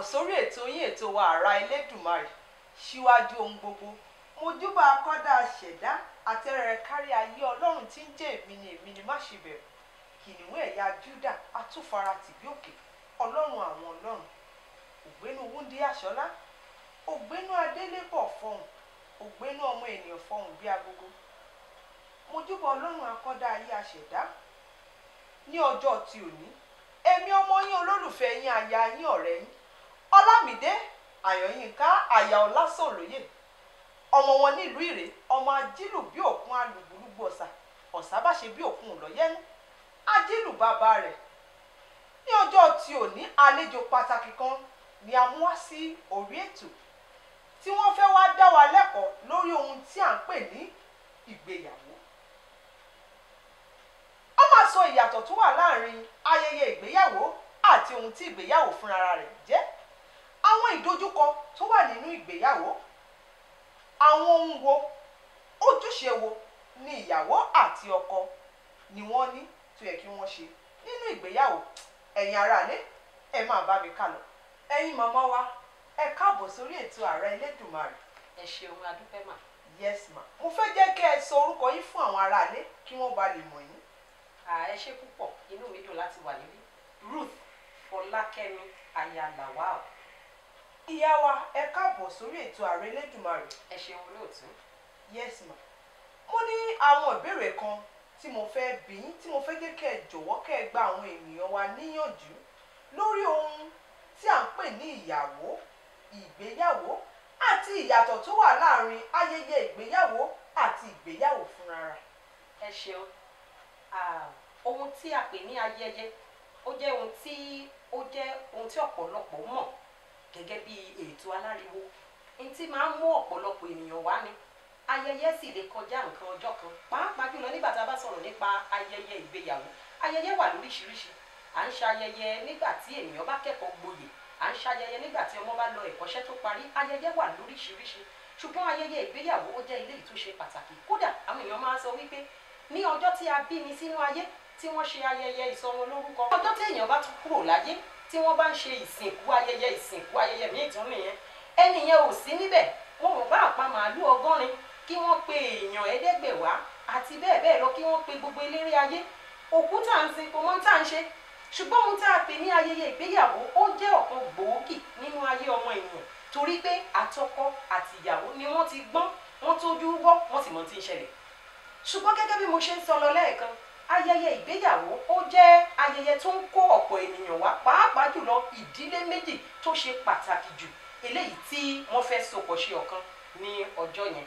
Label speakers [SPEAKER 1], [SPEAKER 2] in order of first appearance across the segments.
[SPEAKER 1] káàbọ̀ sórí ètò yín ètò wa àrà Elédùmarè síwájú ohun gbogbo mojúbà akọ́dà ṣẹ̀dá àtẹ̀rẹ̀ kárí ayé ọlọ́run tí ń jẹ́ èmi ni èmi ni má ṣe bẹ̀rù kìnìún ẹ̀yà Júdà atúfara tìbí òkè ọlọ́run àwọn ọlọ́run ògbénu wúndí àṣọlá ògbénu adélébọ̀ fọhùn ògbénu ọmọ ènìyàn fọhùn bí agogo mojúbà ọlọ́run akọ́dà ayé àṣẹ̀dá ní ọjọ́ ti òní èmi ọmọ yín olólùfẹ́ yín aya yín ọ̀rẹ́ yín ọlámídé àyọ̀yínká àyà ọlásòlóyè ọmọ wọn nílùú ìrè ọmọ ajílù bí òkun alùgbùlùgbù ọ̀sà ọ̀sà bá ṣe bí òkun lọ́yẹ́nu ajílù bàbá rẹ̀ ní ọjọ́ tí ò ní àlejò pàtàkì kan ni a mú wá sí orí ètò tí wọ́n fẹ́ wá dá wa lẹ́kọ̀ọ́ lórí ohun tí à ń pè ní ìgbéyàwó a máa sọ ìyàtọ̀ tó wà láàrin ayẹyẹ ìgbéyàwó àti ohun tí ìgbéyàwó fúnra rẹ̀ jẹ́ àwọn ìdojúkọ tó wà nínú ìgbéyàwó àwọn ohun wo ojúṣe wo ni ìyàwó àti ọkọ ni wọ́n ní tó yẹ kí wọ́n ṣe nínú ìgbéyàwó ẹ̀yin aráalé ẹ máa bá mi kà lọ ẹ̀yin màmá wa ẹ káàbọ̀ sórí ètò ààrẹ elédùnmarè. ẹ ṣeun adúpẹ́ mà. yes ma mo fẹ́ jẹ́ kí ẹ sọ orúkọ yín fún àwọn aráalé kí wọ́n bá lè mọ̀ yín. ẹ ṣe púpọ̀
[SPEAKER 2] inú mi dùn láti wà níbí Ruth Fọlákẹ́mi aya Lawal
[SPEAKER 1] ìyá wa ẹ káàbọ̀ sórí ètò ààrẹ lẹ́dùnmarè. ẹ ṣeun olóòtú. yes ma mo ní àwọn ìbéèrè kan tí mo fẹ́ bi yín tí mo fẹ́ jẹ́ kẹ́ ẹ jọ̀wọ́ kẹ́ ẹ gba àwọn ènìyàn wa níyànjú lórí ohun tí à ń pè ní ìyàwó ìgbéyàwó àti ìyàtọ̀ tó wà láàrin ayẹyẹ ìgbéyàwó àti ìgbéyàwó fúnra rẹ̀. ẹ ṣeun ohun tí a pè ní
[SPEAKER 2] ayẹyẹ ó jẹ́ ohun tí ó jẹ́ ohun tí ọ̀pọ̀lọpọ̀ mọ̀ gẹ́gẹ́ bí ètò aláriwo ntí máa ń mú ọ̀pọ̀lọpọ̀ ènìyàn wá ni ayẹyẹ sì lè kọjá nǹkan ọjọ́ kan pàápàá jùlọ nígbà tá a bá sọ̀rọ̀ nípa ayẹyẹ ìgbéyàwó ayẹyẹ wà lóríṣiríṣi à ń ṣayẹyẹ nígbà tí ènìyàn bá kẹ́kọ̀ọ́ gboyè à ń ṣayẹyẹ nígbà tí ọmọ bá lọ ẹ̀kọ́ṣẹ́ tó parí ayẹyẹ wà lóríṣiríṣi ṣùgbọ́n ayẹyẹ ìgbéyàwó ó jẹ́ ilé ìtúnṣe pàtàkì kódà àwọn èèyàn máa ń sọ wípé ní ọjọ́ tí a bí mi sínú ayé tí wọ́n ṣe ayẹyẹ ìsọmọlórúkọ ọjọ́ tí èèyàn bá tún kúrò láyé tí wọ́n bá ń ṣe ìsìnkú ayẹyẹ ìsìnkú ayẹyẹ míì tún nìyẹn ẹni yẹn ò sí níbẹ̀ wọn ò bá àpá màálù ọgọ́rin kí wọ́n pe èèyàn ẹ̀ẹ́dẹ́gbẹ̀wá àti bẹ́ẹ̀ bẹ́ẹ̀ lọ kí wọ́n pe gbogbo eléré ayé òkú tá à ń sin kò mọ́ tá à ń ṣe ṣùgbọ́n ohun tá a pè ní ayẹyẹ ìgbéyàwó ó jẹ́ ọ̀kan gbòógì nínú ayé ọmọ ènìyàn torí pé àtọkọ àti ìyàwó ni wọ́n ti gbọ́n wọ́n tójú wọ́ wọ́n sì mọ̀ tí ń ṣẹlẹ̀ ṣùgbọ́n gẹ́gẹ́ bí mo ṣe ń sọ lọ lẹ́ẹ̀kan ayẹyẹ ìgbéyàwó ó jẹ́ ayẹyẹ tó ń kó ọ̀pọ̀ ènìyàn wá pàápàá jùlọ ìdílé méjì tó ṣe pàtàkì jù eléyìí tí wọ́n fẹ́ sopọ̀ ṣe ọ̀kan ní ọjọ́ yẹn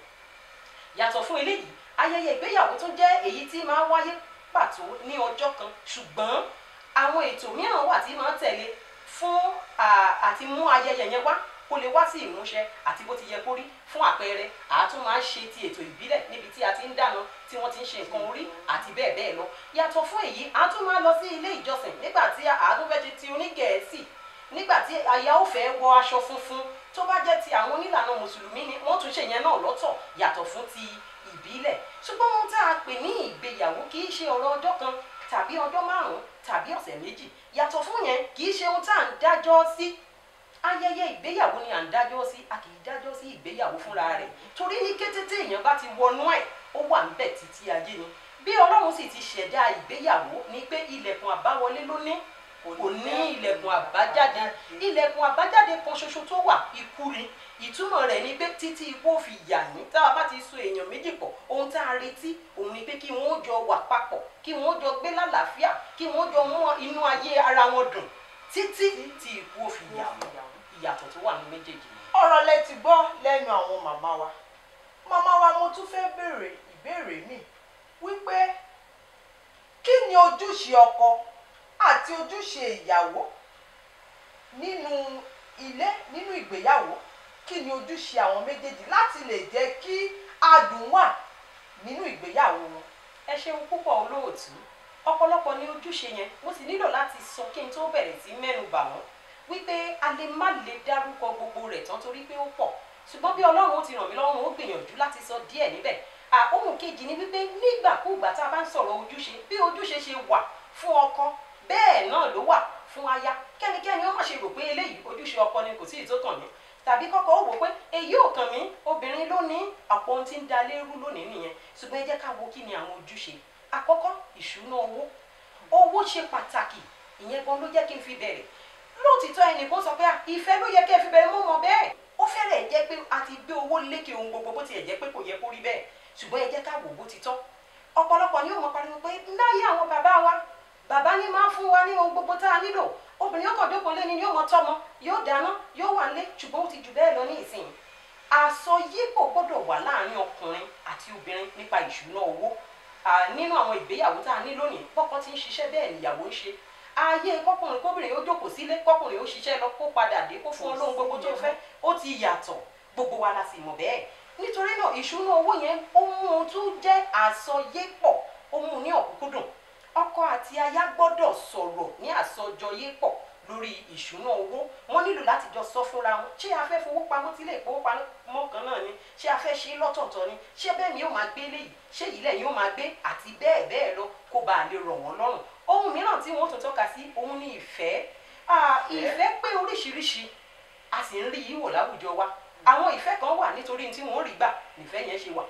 [SPEAKER 2] yàtọ̀ fún eléyìí ayẹyẹ ìgbéyàwó tó jẹ́ èyí tí máa ń wáyé pàtó ní ọjọ́ kan ṣùgbọ́n àwọn ètò mìíràn wà tí máa ń tẹ̀lé fún àti mú ayẹyẹ yẹn wá kó lè wá sí ìmúṣẹ àti bó ti yẹ kó rí fún àpẹẹrẹ a tún máa ń ṣe ti ètò ìbílẹ̀ níbi tí a ti ń dáná tí wọ́n ti ń ṣe nǹkan orí àti bẹ́ẹ̀ bẹ́ẹ̀ lọ yàtọ̀ fún èyí a tún máa lọ sí ilé ìjọsìn nígbà tí àádọ́ fẹ́ ṣe ti onígẹ̀ẹ́sì nígbà tí aya ó fẹ́ wọ aṣọ funfun tó bá jẹ́ ti àwọn onílànà mùsùlùmí ni wọ́n tún ṣèyẹn náà lọ́tọ̀ yàtọ̀ fún ti ìbílẹ̀ ṣùgbọ́n ohun tá a pè ní ìgbéyàwó kì í ṣe ọ̀rọ̀ ọjọ́ kan tàbí ọjọ́ márùn-ún tàbí ọ̀sẹ̀ méjì yàtọ̀ fún yẹn kì í ṣe ohun tá à ń dájọ́ sí ayẹyẹ ìgbéyàwó ni à ń dájọ́ sí a kì í dájọ́ sí ìgbéyàwó fúnra rẹ̀ torí ní kété tí èèyàn bá ti wọnú ẹ̀ ó wà ń bẹ̀ títí ajé ni bí ọlọ́run sì ti ṣẹ̀dá ìgbéyàwó ni pé ilẹ̀kùn àbáwọlé ló ní kò ní ilẹ̀kùn àbájáde ilẹ̀kùn àbájáde kan ṣoṣo tó wà ikú ni ìtumọ̀ rẹ̀ ni pé títí ikú ò fi yà ní tá a bá ti so èèyàn méjì pọ̀ ohun tá a retí òun ni pé kí wọ́n jọ wà papọ̀ kí wọ́n jọ gbé lálàáfíà kí wọ́n
[SPEAKER 1] jọ mú inú ayé ara wọn dùn títí tí ikú ò fi yà wọ́n ìyàtọ̀ tó wà ní méjèèjì ni. ọ̀rọ̀ lẹ ti gbọ́ lẹ́nu àwọn màmá wa màmá wa mo tún fẹ́ béèrè ìbéèrè mi wípé kí ni ojúṣe ọkọ àti ojúṣe ìyàwó nínú ilé nínú ìgbéyàwó kí ni ojúṣe àwọn méjèèjì láti lè jẹ́ kí adùn wà nínú ìgbéyàwó wọn. ẹ ṣeun púpọ̀ olóòtú ọ̀pọ̀lọpọ̀ ni ojúṣe yẹn
[SPEAKER 2] mo sì nílò láti sọ kí n tó bẹ̀rẹ̀ sí mẹ́nu bà wọ́n wípé a lè má lè dárúkọ gbogbo rẹ̀ tán torí pé ó pọ̀ ṣùgbọ́n bí ọlọ́run ó ti ràn mí lọ́rùn ó gbìyànjú láti sọ díẹ̀ níbẹ̀ ohun kejì ni wípé nígbàkúùgbà tá a bá ń sọ̀rọ̀ ojúṣe bí ojúṣe ṣe wà fún ọkọ bẹ́ẹ̀ náà ló wà fún aya kẹ́nikẹ́ni ó má ṣe rò pé eléyìí ojúṣe ọkọ ni kò sí ìtótàn ní tàbí kọ́kọ́ ó wò pé èyí ò kàn mí obìnrin ló ní àpò ohun tí ń da lérú lónìí nìyẹn ṣùgbọ́n ẹ jẹ́ ká wo kí ni àwọn ojúṣe àkọ́kọ́ ìṣúná owó owó ṣe pàtàkì ìyẹn gan ló jẹ́ kí n fi bẹ̀rẹ̀ lóòtítọ́ ẹnì kan sọ pé ah, ìfẹ́ ló yẹ kẹ́ fi bẹ̀rẹ̀ mú mọ bẹ́ẹ̀ ó fẹ́rẹ̀ jẹ́ pé a ti gbé owó lékè ohun gbogbo bó tiẹ̀ jẹ́ pé kò yẹ kó rí bẹ́ẹ̀ ṣùgbọ́n ẹ jẹ́ ká wò bó ti tọ́ ọ̀pọ̀lọpọ̀ ni yóò mọ pariwo pé láyé àwọn bàbá wa bàbá ni máa ń fún wa ní ohun gbogbo tá a nílò obìnrin yóò kàn dókòó lé ni yóò mọ tọmọ yóò dáná yóò wà lé ṣùgbọ́n ó ti jù bẹ́ẹ̀ lọ ní ìsìn àsọyípò gbọ́dọ̀ wà láàrin ọkùnrin àti obìnrin nípa ìṣúná owó nínú àwọn ìgbéyàwó tá a ní lónìí bọ́kọ ti ń ṣiṣẹ́ bẹ́ẹ̀ níyàwó ń ṣe ayé kọkùnrin kóbìnrin ó jókòó sílé kọkùnrin ó ṣiṣẹ́ lọ kó padà dé kó fún olóhùn gbogbo tó fẹ́ ó ti yàtọ̀ gbogbo wa la sì mọ̀ bẹ́ẹ̀ nítorí náà ìṣúná owó yẹn ó mú un tún jẹ́ àsọyépọ̀ ó mú un ní ọ̀kúnkúndùn ọkọ àti aya gbọ́dọ̀ sọ̀rọ̀ ní àsọjọyépọ̀ lórí ìṣúná owó wọ́n nílò láti jọ sọ fúnra wọn ṣé a fẹ́ fowó pamọ́ sílé ìpó ṣé a fẹ́ ṣe é lọ́tọ̀ọ̀tọ̀ ni ṣé bẹ́ẹ̀ ni yóò máa gbé léyìí ṣé yìí lẹ́yìn yóò máa gbé àti bẹ́ẹ̀ bẹ́ẹ̀ lọ kó bá a lè rọ̀ wọ́n lọ́rùn ohun mìíràn tí wọ́n tó tọ́ka sí òun ni ìfẹ́ ìfẹ́ pé oríṣiríṣi a sì ń rí yìí wò láwùjọ wa àwọn ìfẹ́ kan wà nítorí tí wọ́n rí gbà nífẹ́ yẹn ṣe wà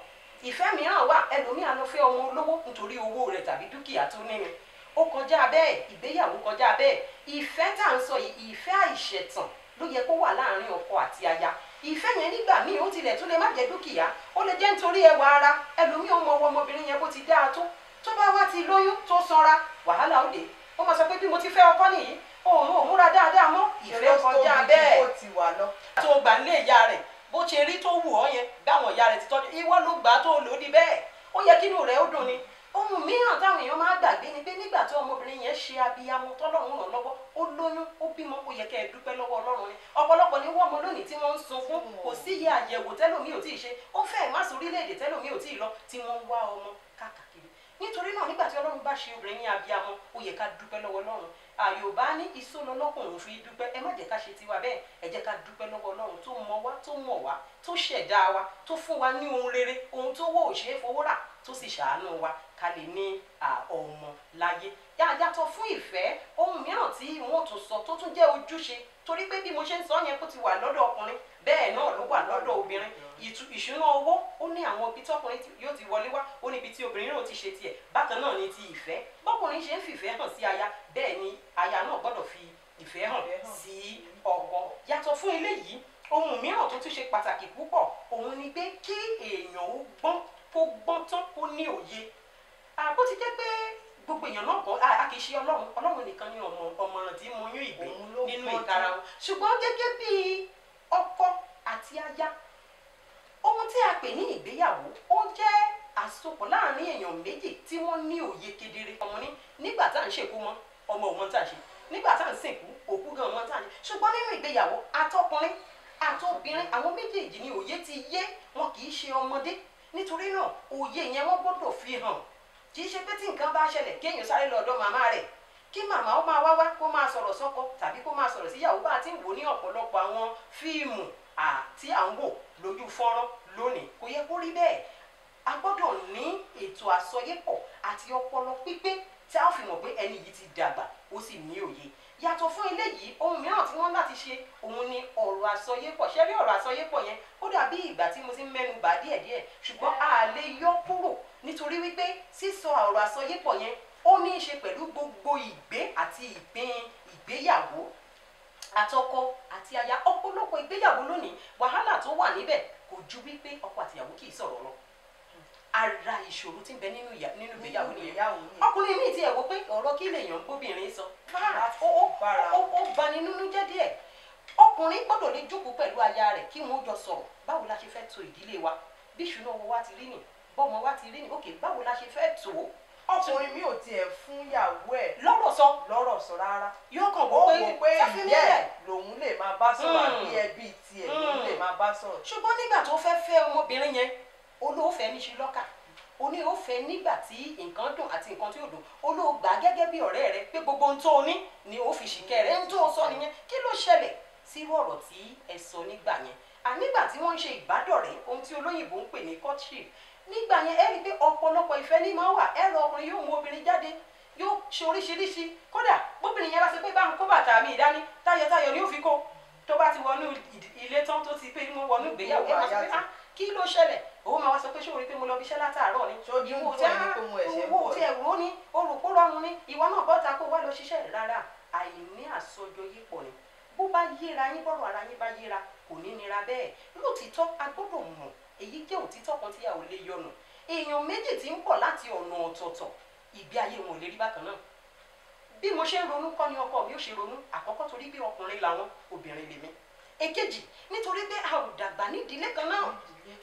[SPEAKER 2] ìfẹ́ mìíràn wà ẹlòmíà ló fẹ́ ọmọ olówó nítorí owó rẹ̀ tàbí dúkìá tó ní ni ó kọjá bẹ́ẹ̀ ìgbéyàwó kọjá bẹ́ẹ̀ ìfẹ́ tá à ń sọ yìí ìfẹ́ àìṣẹ̀tàn ló yẹ kó wà láàárín ọkọ àti aya ìfẹ́ yẹn nígbà míì ó tilẹ̀ tún lè má jẹ́ dúkìá ó lè jẹ́ nítorí ẹwà ara ẹlòmíì ó ọwọ́ ọmọbìnrin yẹn bó ti dáa tó tó bá wá ti lóyún tó sanra wàhálà ó ó máa sọ pé bí mo ti fẹ́ ọkọ nìyí òun ò múra dáadáa mọ́ ìfẹ́ kọjá bẹ́ẹ̀ tó o gbà nílé ìyá rẹ̀ bó ṣe rí tó wù ọ́ yẹn gbáwọn ìyá rẹ̀ ti tọ́jú ìwọ ló gbà tó lò ó di bẹ́ẹ̀ ó yẹ kínú rẹ̀ ó dùn ni ohun mìíràn táwọn èèyàn máa gbàgbé ni pé nígbà tí ọmọbìnrin yẹn ṣe abiyamọ tọ́lọ́run ràn lọ́wọ́ ó lóyún ó bímọ ó yẹ kẹ́ ẹ dúpẹ́ lọ́wọ́ ọlọ́run ni ọ̀pọ̀lọpọ̀ ni wọ́n mọ lónìí tí wọ́n ń sun fún kò sí iye àyẹ̀wò tẹ́lòmí ò tí ì ṣe ó fẹ́ẹ̀ má sórí léèdè tẹ́lòmí ò tí ì lọ tí wọ́n ń wá ọmọ káàkiri nítorí náà nígbà tí ọlọ́run bá ṣe obìnrin ní abiyamọ ó yẹ ká dúpẹ́ lọ́wọ́ ọlọ́run àyòbá ní ìsúnlọ́lọ́kùnrin fi dúpẹ́ ẹ má jẹ́ ká ṣe tiwa bẹ́ẹ̀ ẹ jẹ́ ká dúpẹ́ lọ́wọ́ ọlọ́run tó mọ wá tó mọ̀ wá tó ṣẹ̀dá wa tó fún wa ní ohun rere ohun tó wọ́ òṣèré fowó rà tó sì ṣàánú wa ká lè ní ọmọ láyé yàtọ̀ fún ìfẹ́ ohun mìíràn tí wọ́n tún sọ tó tún jẹ́ ojúṣe torí pé bí mo ṣe ń sọ yẹn kó ti wà lọ́dọ̀ ọkùnrin bẹ́ẹ̀ náà ló wà lọ́dọ̀ obìnrin ìṣúná owó ó ní àwọn ibi tọkùnrin yóò ti wọlé wá ó ní tí obìnrin náà ti ṣe tiẹ̀ bákan náà ni ti ìfẹ́ bọ́kùnrin ṣe ń fìfẹ́ hàn sí aya bẹ́ẹ̀ ni aya náà gbọ́dọ̀ fi ìfẹ́ hàn sí ọkọ yàtọ̀ fún eléyìí ohun mìíràn tó tún ṣe pàtàkì púpọ̀ òun ni pé kí èèyàn ó gbọ́n kó gbọ́n tán kó ní òye Ah, bó ti jẹ́ pé gbogbo èèyàn náà kọ́ a kì í ṣe ọlọ́run ọlọ́run nìkan ni ọmọ ọmọràn tí mo yún ìgbín nínú ìtara wọn ṣùgbọ́n gẹ́gẹ́ bí ọkọ àti aya ohun tí a pè ní ìgbéyàwó ó jẹ́ àsopọ̀ láàrin èèyàn méjì tí wọ́n ní òye kedere ọmọ ní nígbà tá à ń ṣèkú mọ́ ọmọ òun tá à ṣe nígbà tá à ń sìnkú òkú gan ọmọ tá à ṣe ṣùgbọ́n nínú ìgbéyàwó atọ́kùnrin àtobìnrin àwọn méjèèjì ni òye ti yé wọn kì í ṣe ọmọdé nítorí náà òye yẹn wọ́n gbọ́dọ̀ fi hàn kì í ṣe pé tí nǹkan bá ṣẹlẹ̀ kéèyàn sáré lọ ọ̀dọ̀ màmá rẹ̀ kí màmá ó máa wá wá kó máa sọ̀rọ̀ sọ́kọ tàbí kó máa sọ̀rọ̀ síyàwó bá ti ń wò ní ọ̀pọ̀lọpọ̀ àwọn fíìmù àti à ń wò lójú fọ́nrán lónìí kò yẹ kó rí bẹ́ẹ̀ a gbọ́dọ̀ ní ètò àsọyépọ̀ àti ọpọlọ pípé tí a fi mọ̀ pé ẹni yìí ti dàgbà ó sì ní òye yàtọ̀ fún eléyìí ohun mìíràn tí wọ́n láti ṣe òun ni ọ̀rọ̀ àsọyépọ̀ ṣé rí ọ̀rọ̀ àsọyépọ̀ yẹn ó dàbí ìgbà tí mo ti ń mẹ́nu bà díẹ̀díẹ̀ ṣùgbọ́n a lè yọ kúrò nítorí wípé sísọ ọ̀rọ̀ àsọyépọ̀ yẹn ó ní í ṣe pẹ̀lú gbogbo ìgbé àti ìpín ìgbéyàwó àtọkọ àti aya ọ̀pọ̀lọpọ̀ ìgbéyàwó lónìí wàhálà tó wà níbẹ̀ kò ju wípé ọkọ àtìyàwó kì í sọ̀rọ̀ lọ ara ìṣòro tí ń bẹ nínú ìgbéyàwó nìyẹn ọkùnrin mi ti ẹ̀ wò pé ọ̀rọ̀ kí lèèyàn gbóbìnrin sọ ó bani nínú jẹ́ díẹ̀ ọkùnrin gbọ́dọ̀ lè jókòó pẹ̀lú aya rẹ̀ kí wọ́n jọ sọ̀rọ̀ báwo la ṣe fẹ́ tò ìdílé wa bí ìṣúná owó wa ti rí nìyẹn bọ́mọ
[SPEAKER 1] wa ti rí ni òkè báwo la ṣe fẹ́ tó ọkùnrin mi ò tiẹ̀ fún yàwó ẹ̀ lọ́rọ̀ sọ lọ́rọ̀ sọ rárá yóò kàn wọ́n pé ó wò pé ìyá ẹ̀ lòun lè máa bá sọ̀rọ̀ hmm. àbí ẹbí tiẹ̀ hmm. lòun lè máa bá sọ̀rọ̀. ṣùgbọ́n nígbà
[SPEAKER 2] tó fẹ́ fẹ́ ọmọbìnrin yẹn olóòfẹ́ ní ṣe lọ́kà oníhófẹ́ nígbà tí nǹkan dùn àti nǹkan tí ò dùn olóògbà gẹ́gẹ́ bí ọ̀rẹ́ rẹ pé gbogbo ohun tó o ní ni ó fi ṣìkẹ́ rẹ ń tó o sọ nìyẹn kí ló ṣẹlẹ̀ sírú ọ̀rọ̀ tí ẹ sọ nígbà yẹn ànígbà tí wọ́n ń ṣe ìbádọ̀rẹ́ ohun tí olóyìnbó ń pè ní courtship nígbà yẹn ẹ rí i pé ọ̀pọ̀lọpọ̀ ìfẹ́ ní máa wà ẹ̀rọ ọkùnrin yóò mú obìnrin jáde yóò ṣe oríṣiríṣi kódà bóbìnrin yẹn bá ṣe pé bá ń kó bàtà mi ìdání tayọ̀tayọ̀ ni ó fi kó tó bá ti wọnú ilé tán tó ti pé mo wọnú ìgbéyàwó ẹ máa sọ pé ah kí ló ṣẹlẹ̀ òun máa wá sọ pé ṣé o rí i pé mo lọ bí iṣẹ́ látàárọ̀ ni ìwò tí ìwò tí ẹ̀rù ó ní orùkú rọrùn ni ìwọ náà bọ́ta kó wá lọ ṣiṣẹ́ rárá àìní àsọjọ yípo ni bó bá yíra yín bọ́rọ̀ ara yín bá yíra kò ní nira bẹ́ẹ̀ lóòtítọ́ a mọ̀ èyí jẹ́ òtítọ́ kan tí a ò lè yọnà èèyàn méjì tí ń bọ̀ láti ọ̀nà ọ̀tọ̀ọ̀tọ̀ ìgbé ayé wọn ò lè rí bákan náà bí mo ṣe ń ronú kọ́ ni ọkọ mi ó ṣe ronú àkọ́kọ́ torí pé ọkùnrin làwọn obìnrin lèmi èkejì nítorí pé a ò dàgbà nídìílé kan náà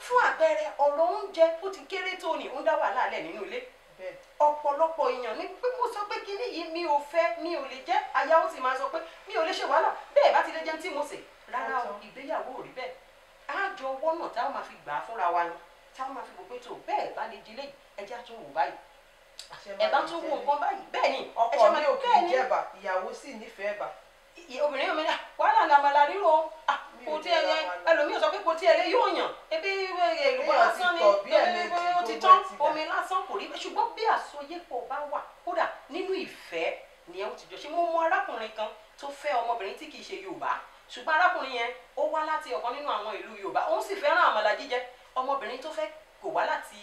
[SPEAKER 2] fún àpẹẹrẹ ọ̀rọ̀ oúnjẹ ó ti kéré tó ní ń dá wàhálà alẹ́ nínú ilé ọ̀pọ̀lọpọ̀ èèyàn ní pé mo sọ pé kíní yìí mi ò fẹ́ mi ò lè jẹ́ aya ó sì máa sọ pé mi ò lè ṣe wàhálà bẹ́ẹ̀ bá ti lè jẹun tí mo sè rárá ìgbéyàwó ò rí bẹ́ẹ̀ àjọ ọwọ́ náà táwọn máa fi gbà á fúnra wa ni táwọn máa fi gbọ́ pé tó bẹ́ẹ̀ bá lè di léyìí ẹjẹ́ àtún wò báyìí ẹ̀bá tún wò nǹkan báyìí bẹ́ẹ̀ ni ọkọ mi ò kì í
[SPEAKER 1] jẹ̀bà ìyàwó sì nífẹ̀ẹ́ bà.
[SPEAKER 2] obìnrin yóò mi náà wàhálà ni àmàlà ríro kò
[SPEAKER 1] ah, tí ẹyẹ
[SPEAKER 2] ẹlòmíì sọ pé kò tí ẹyẹ yóò yàn ebi èlùbọ́ lásán ni ó ti tán omi lásán kò rí ṣùgbọ́n bí àsọyépọ̀ bá wà kódà nínú ìfẹ́ nìyẹn ó ti jọ ṣe mo mọ arákùnrin kan tó fẹ́ ọmọbìnrin tí kì í ṣe Yorùbá ṣùgbọ́n arákùnrin yẹn ó wá láti ọ̀kan nínú àwọn ìlú yorùbá òun sì fẹ́ràn àmàlà jíjẹ ọmọbìnrin tó fẹ́ kò wá láti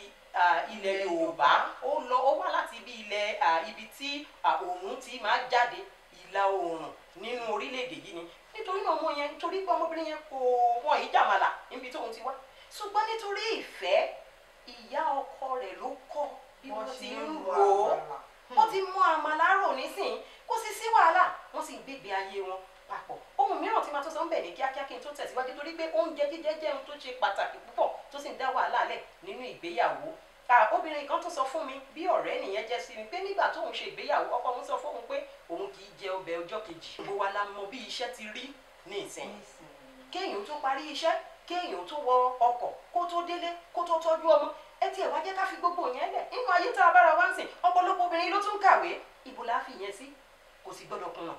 [SPEAKER 2] ilẹ̀ yorùbá ó lọ ó wá láti ibi ilẹ̀ ibi tí òun ti máa jáde ìlà oòrùn nínú orílẹ̀-èdè yìí ni nítorí náà ọmọ yẹn nítorí pé ọmọbìnrin yẹn kò wọ́n yìí jàmàlà níbi tóun ti wá ṣùgbọ́n nítorí ìfẹ́ ìyá ọkọ rẹ̀ ló kọ́ bí wọ́n ti ń rò ó wọ́n ti mọ àmàlà oúnjẹ jíjẹ jẹ́ ohun tó ṣe pàtàkì púpọ̀ tó sì ń dá wàhálà lẹ̀ nínú ìgbéyàwó obìnrin kan tó sọ fún mi bí ọ̀rẹ́ nìyẹn jẹ́ sí mi pé nígbà tóun ṣe ìgbéyàwó ọkọ òun sọ fóun pé òun kì í jẹ ọbẹ̀ ọjọ́ kejì gbogbo wa la mọ bí iṣẹ́ ti rí ní ìsìn kéèyàn tó parí iṣẹ́ kéèyàn tó wọ ọkọ̀ kó tó délé kó tó tọ́jú ọmọ ẹ tiẹ̀ wá jẹ́ ká fi gbogbo yẹn lẹ̀ nínú ayé tá a bára wá ń sìn ọ̀pọ̀lọpọ̀ obìnrin ló tún kàwé ibo la fi yẹn sí kò sì gbọ́dọ̀ kùnà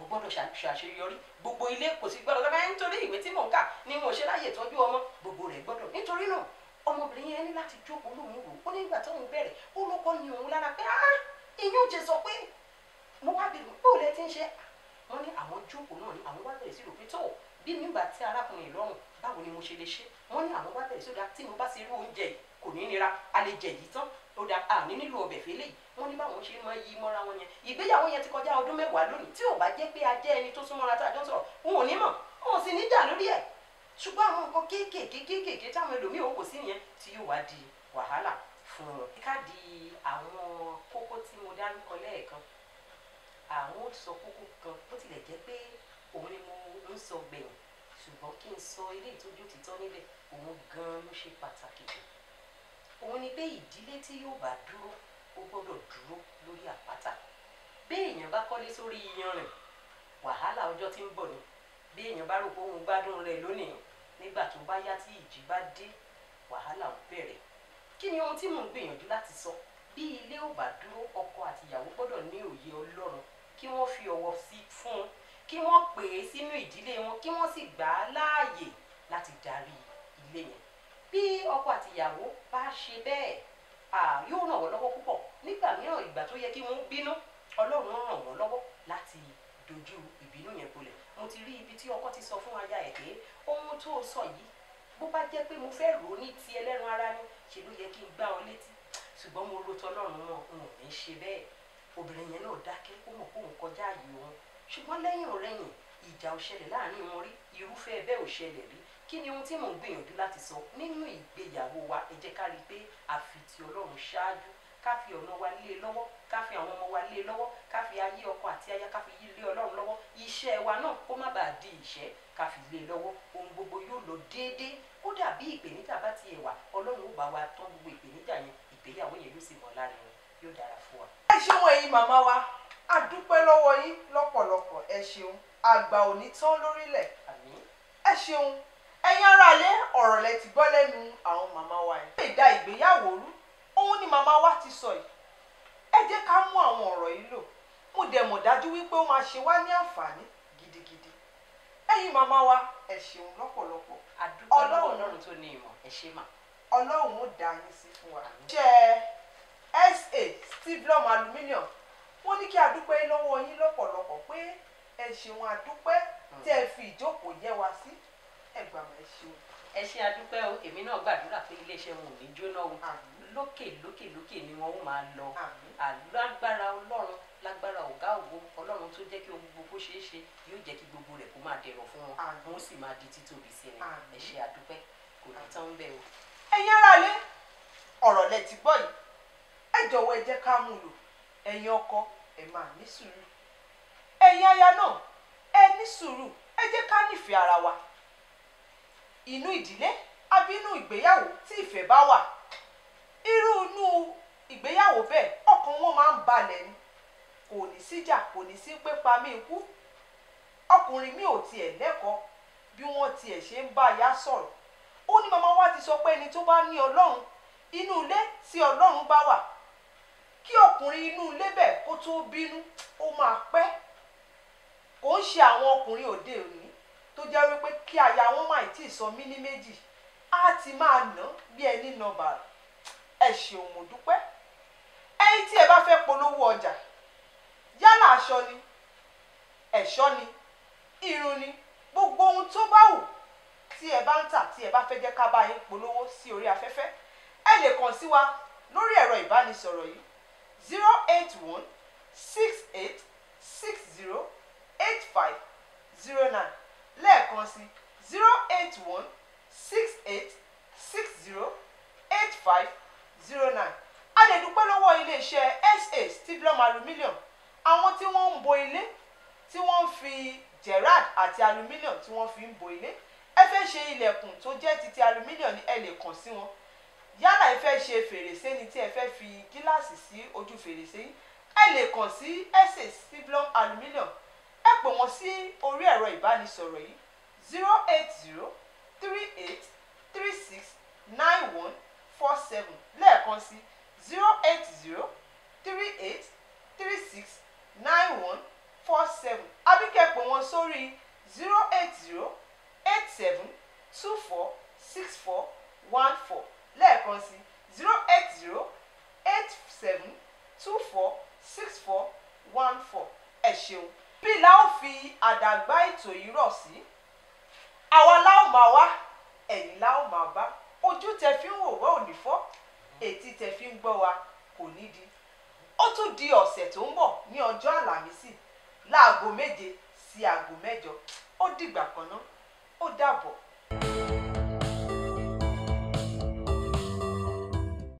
[SPEAKER 2] mo gbọ́dọ̀ ṣàṣeyọrí gbogbo ilé kò sí gbọ́dọ̀ lọ́ba yẹn nítorí ìwé tí mò ń kà ni mo ṣe láyè tọ́jú ọmọ gbogbo rẹ̀ gbọ́dọ̀ nítorí náà ọmọbìnrin yẹn ní láti jókòó lòun rò ó nígbà tóun bẹ̀rẹ̀ ó ló kọ́ ni òun lára pé ah ìyún jẹ sọ pé mo wá bẹ̀rù pé òun lẹ ti ń ṣe wọn ní àwọn jókòó náà ni àwọn wá bẹ̀rẹ̀ sí ròpé tó bí nígbà tí arákùnrin lọ́rùn báwo ni mo ṣe lè ṣe wọn ní àwọn wá bẹ̀rẹ̀ sódà tí mo bá ṣe irú oúnjẹ kò ní nira a lè jẹ yìí tán ó dà á ní nílò ọbẹ̀ fẹ́lẹ́ yìí wọ́n ní báwọn ṣe máa yí mọ́ra wọn yẹn ìgbéyàwó yẹn ti kọjá ọdún mẹ́wàá lónìí tí ò bá jẹ́ pé a jẹ́ ẹni tó súnmọ́ra tá a jọ sọ̀rọ̀ wọn ò ní mọ̀ wọn ò sì ní jà lórí ẹ̀ ṣùgbọ́n àwọn nǹkan kéékèèké kéékèèké táwọn ẹlòmíì ò kò sí yẹn tí yóò wá di wàhálà fún wọn. ká di àwọn kókó tí mo dárúkọ lẹ́ẹ̀kan àwọn ó sọ kókó kan bó tilẹ̀ jẹ́ pé òun ni mo ń sọ gbẹ̀yìn ṣùgbọ́n kí n sọ ilé ìtọ́jú títọ́ níbẹ̀ òun gan-an ló ṣe pàtàkì jù òun ni pé ìdílé tí yóò bá dúró ó gbọ́dọ̀ dúró lórí àpáta bí èèyàn bá kọ́lé sórí iyanrìn wàhálà ọjọ́ tí ń bọ̀ ni bí èèyàn bá rò pé òun gbádùn rẹ̀ lónìí nígbà tó bá yá tí ìjì bá dé wàhálà ń bẹ̀rẹ̀ kí ni ohun tí mò ń gbìyànjú láti sọ bí ilé ò bá dúró ọkọ àtìyàwó gbọ́dọ̀ ní òye ọlọ́run kí wọ́n fi ọwọ́ sí fún kí wọ́n pè é sínú ìdílé wọn kí wọ́n sì gbà á láàyè láti darí ilé yẹn bí ọkọ àtìyàwó bá ṣe bẹ́ẹ̀ yóò ràn wọ́n lọ́wọ́ púpọ̀ nígbà mìíràn ìgbà tó yẹ kí wọ́n bínú ọlọ́run ràn wọ́n lọ́wọ́ láti dojú ìbínú yẹn bolẹ̀ mo ti rí ibi tí ọkọ ti sọ fún aya ẹ̀ pé ohun tó sọ yìí bó bá jẹ́ pé mo fẹ́ rò ó ní ti ẹlẹ́ran ara ni ṣe ló yẹ kí n gbá ọ létí ṣùgbọ́n mo ro tọlọ́run náà n ò ní ṣe bẹ́ẹ̀ obìnrin yẹn náà dákẹ́ ó mọ̀ kó òun kọjá ààyè òun ṣùgbọ́n lẹ́yìn ọ̀rẹ́yìn ìjà ò ṣẹlẹ̀ láàrin wọn rí irúfẹ́ bẹ́ẹ̀ ò ṣẹlẹ̀ rí kí ni ohun tí mò ń gbìyànjú láti sọ nínú ìgbéyàwó wa ẹ jẹ́ ká rí i pé a fi ti Ọlọ́run ṣáájú ká fi ọ̀nà wa lé e lọ́wọ́ ká fi àwọn ọmọ wa lé e lọ́wọ́ ká fi ayé ọkọ àti aya ká fi yí lé Ọlọ́run lọ́wọ́ iṣẹ́ wa náà kó má bàa di ìṣẹ́ ká fi lé e lọ́wọ́ ohun gbogbo yóò lọ déédéé kódà bí ìpèníjà bá ti ẹ̀wà Ọlọ́run ó bá wa tán gbogbo ìpèníjà yẹn ìgbéyàwó yẹn yóò sì mọ̀ láàrin wọn yóò dára fún wa.
[SPEAKER 1] ẹ ṣeun ẹ̀yin màmá wa a dúpẹ́ lọ́wọ́ yín lọ́pọ̀lọpọ̀ ẹ ṣeun àgbà òní tán lórílẹ̀ ẹ ṣeun ẹ̀yin aráalé ọ̀rọ̀ lẹ ti gbọ́ lẹ́nu àwọn màmá wa yìí. lè da ìgbéyàwó rú òun ni màmá wa ti sọ yìí ẹ jẹ́ ká mú àwọn ọ̀rọ̀ yìí lò mo dẹ̀ mọ̀ dájú wípé ó máa ṣe wá ní àǹfààní gidigidi ẹ̀yin màmá wa ẹ ṣeun lọ́pọ̀lọpọ̀ ọlọ́run ọlọ́run tó ní ìmọ̀ ẹ ṣe mà ọlọ́run ó dá yín sí fún wa. ṣe sa stivlom aluminium wọ́n ní kí a dúpẹ́ lọ́wọ́ yín lọ́pọ̀lọpọ̀ pé ẹ ṣeun àdúpẹ́ hmm. tẹ́ fi ìjókòó yẹ wa sí. Si ẹ
[SPEAKER 2] gbà wá ṣe o. ẹ ṣe adúpẹ́ o èmi náà gbàdúrà pé iléeṣẹ́ wọn ò ní jóná o lókè lókè lókè ni wọn ó máa lọ alágbára ọlọ́run lágbára ọ̀gá ògo ọlọ́run tó jẹ́ kí ohun gbogbo ṣeé ṣe yóò jẹ́ kí gbogbo rẹ̀ kó máa dẹ̀rọ̀ fún wọn wọn ó sì máa di títóbi sí
[SPEAKER 1] ni ẹ adúpẹ́ kò ní tán bẹ́ẹ̀ o. ẹ̀yin aráalé ọ̀rọ̀ lẹ ti gbọ́ yìí ẹ jọ̀wọ́ ẹ jẹ́ ká mú lò ẹ̀yin ọkọ ẹ máa ní sùúrù ẹ̀yin aya náà ẹ ní sùúrù ẹ jẹ́ ká nífẹ̀ẹ́ ara wa inú ìdílé àbí inú ìgbéyàwó tí ìfẹ́ bá wà irú inú ìgbéyàwó bẹ́ẹ̀ ọkàn wọn máa ń balẹ̀ ni kò ní síjà kò ní sí pé pa kú ọkùnrin mi ò tiẹ̀ lẹ́kọ̀ọ́ bí wọ́n tiẹ̀ ṣe ń bá aya sọ̀rọ̀ ó ní màmá wa ti sọ pé ẹni tó bá ní ọlọ́run inú ilé tí ọlọ́run bá wà kí ọkùnrin inú ilé bẹ́ẹ̀ kó tó bínú ó máa pẹ́ kò ń ṣe àwọn ọkùnrin òde òní tó jẹ́ wípé kí àyà wọn máa tí ì sọ mí ní méjì á ti máa ná bí ẹni nọmbà ẹ ṣeun mo dúpẹ́ ẹ̀yin tí ẹ bá fẹ́ polówó ọjà yálà aṣọ ni ẹ̀ṣọ́ ni irun ni gbogbo ohun tó bá wù tí ẹ bá ń tà tí ẹ bá fẹ́ jẹ́ ká bá yín polówó sí orí afẹ́fẹ́ ẹ lè kàn sí wa lórí ẹ̀rọ ìbánisọ̀rọ̀ yìí zero eight one six eight six zero eight five zero nine lẹ́ẹ̀kan sí zero eight one six eight six zero eight five zero nine a lè dúpẹ́ lọ́wọ́ iléeṣẹ́ sa stadium aluminium àwọn tí wọ́n ń bo ilé tí wọ́n fi gerard àti aluminium tí wọ́n fi ń bo ilé ẹ fẹ́ ṣe ilẹ̀kùn tó jẹ́ ti aluminium ni ẹ lè kàn sí wọn yálà ẹ fẹ́ ṣe fèrèsé ni tí ẹ fẹ́ fi gíláàsì sí ojú fèrèsé yìí ẹ lè kàn sí sa stadium aluminium ẹ pè wọ́n sí orí ẹ̀rọ ìbánisọ̀rọ̀ yìí zero eight zero three eight three six nine one four seven lẹ́ẹ̀kan sí zero eight zero three eight three six nine one four seven Abike kẹ́ ẹ wọ́n sórí zero eight zero eight seven two four six four one four lẹ́ẹ̀kan sí zero eight zero eight seven two four six four one four ẹ ṣeun. fi àdàgbà ètò yìí rọ̀ sí àwa la máa wá ẹ̀yin la máa bá ojú tẹ fi ń wò wá ò ní fọ́ etí tẹ fi ń gbọ́ wa kò ní di ó tún di ọ̀sẹ̀ tó ń bọ̀ ní ọjọ́ àlàmísì láago méje sí aago mẹ́jọ ó dìgbà kan náà ó dàbọ̀.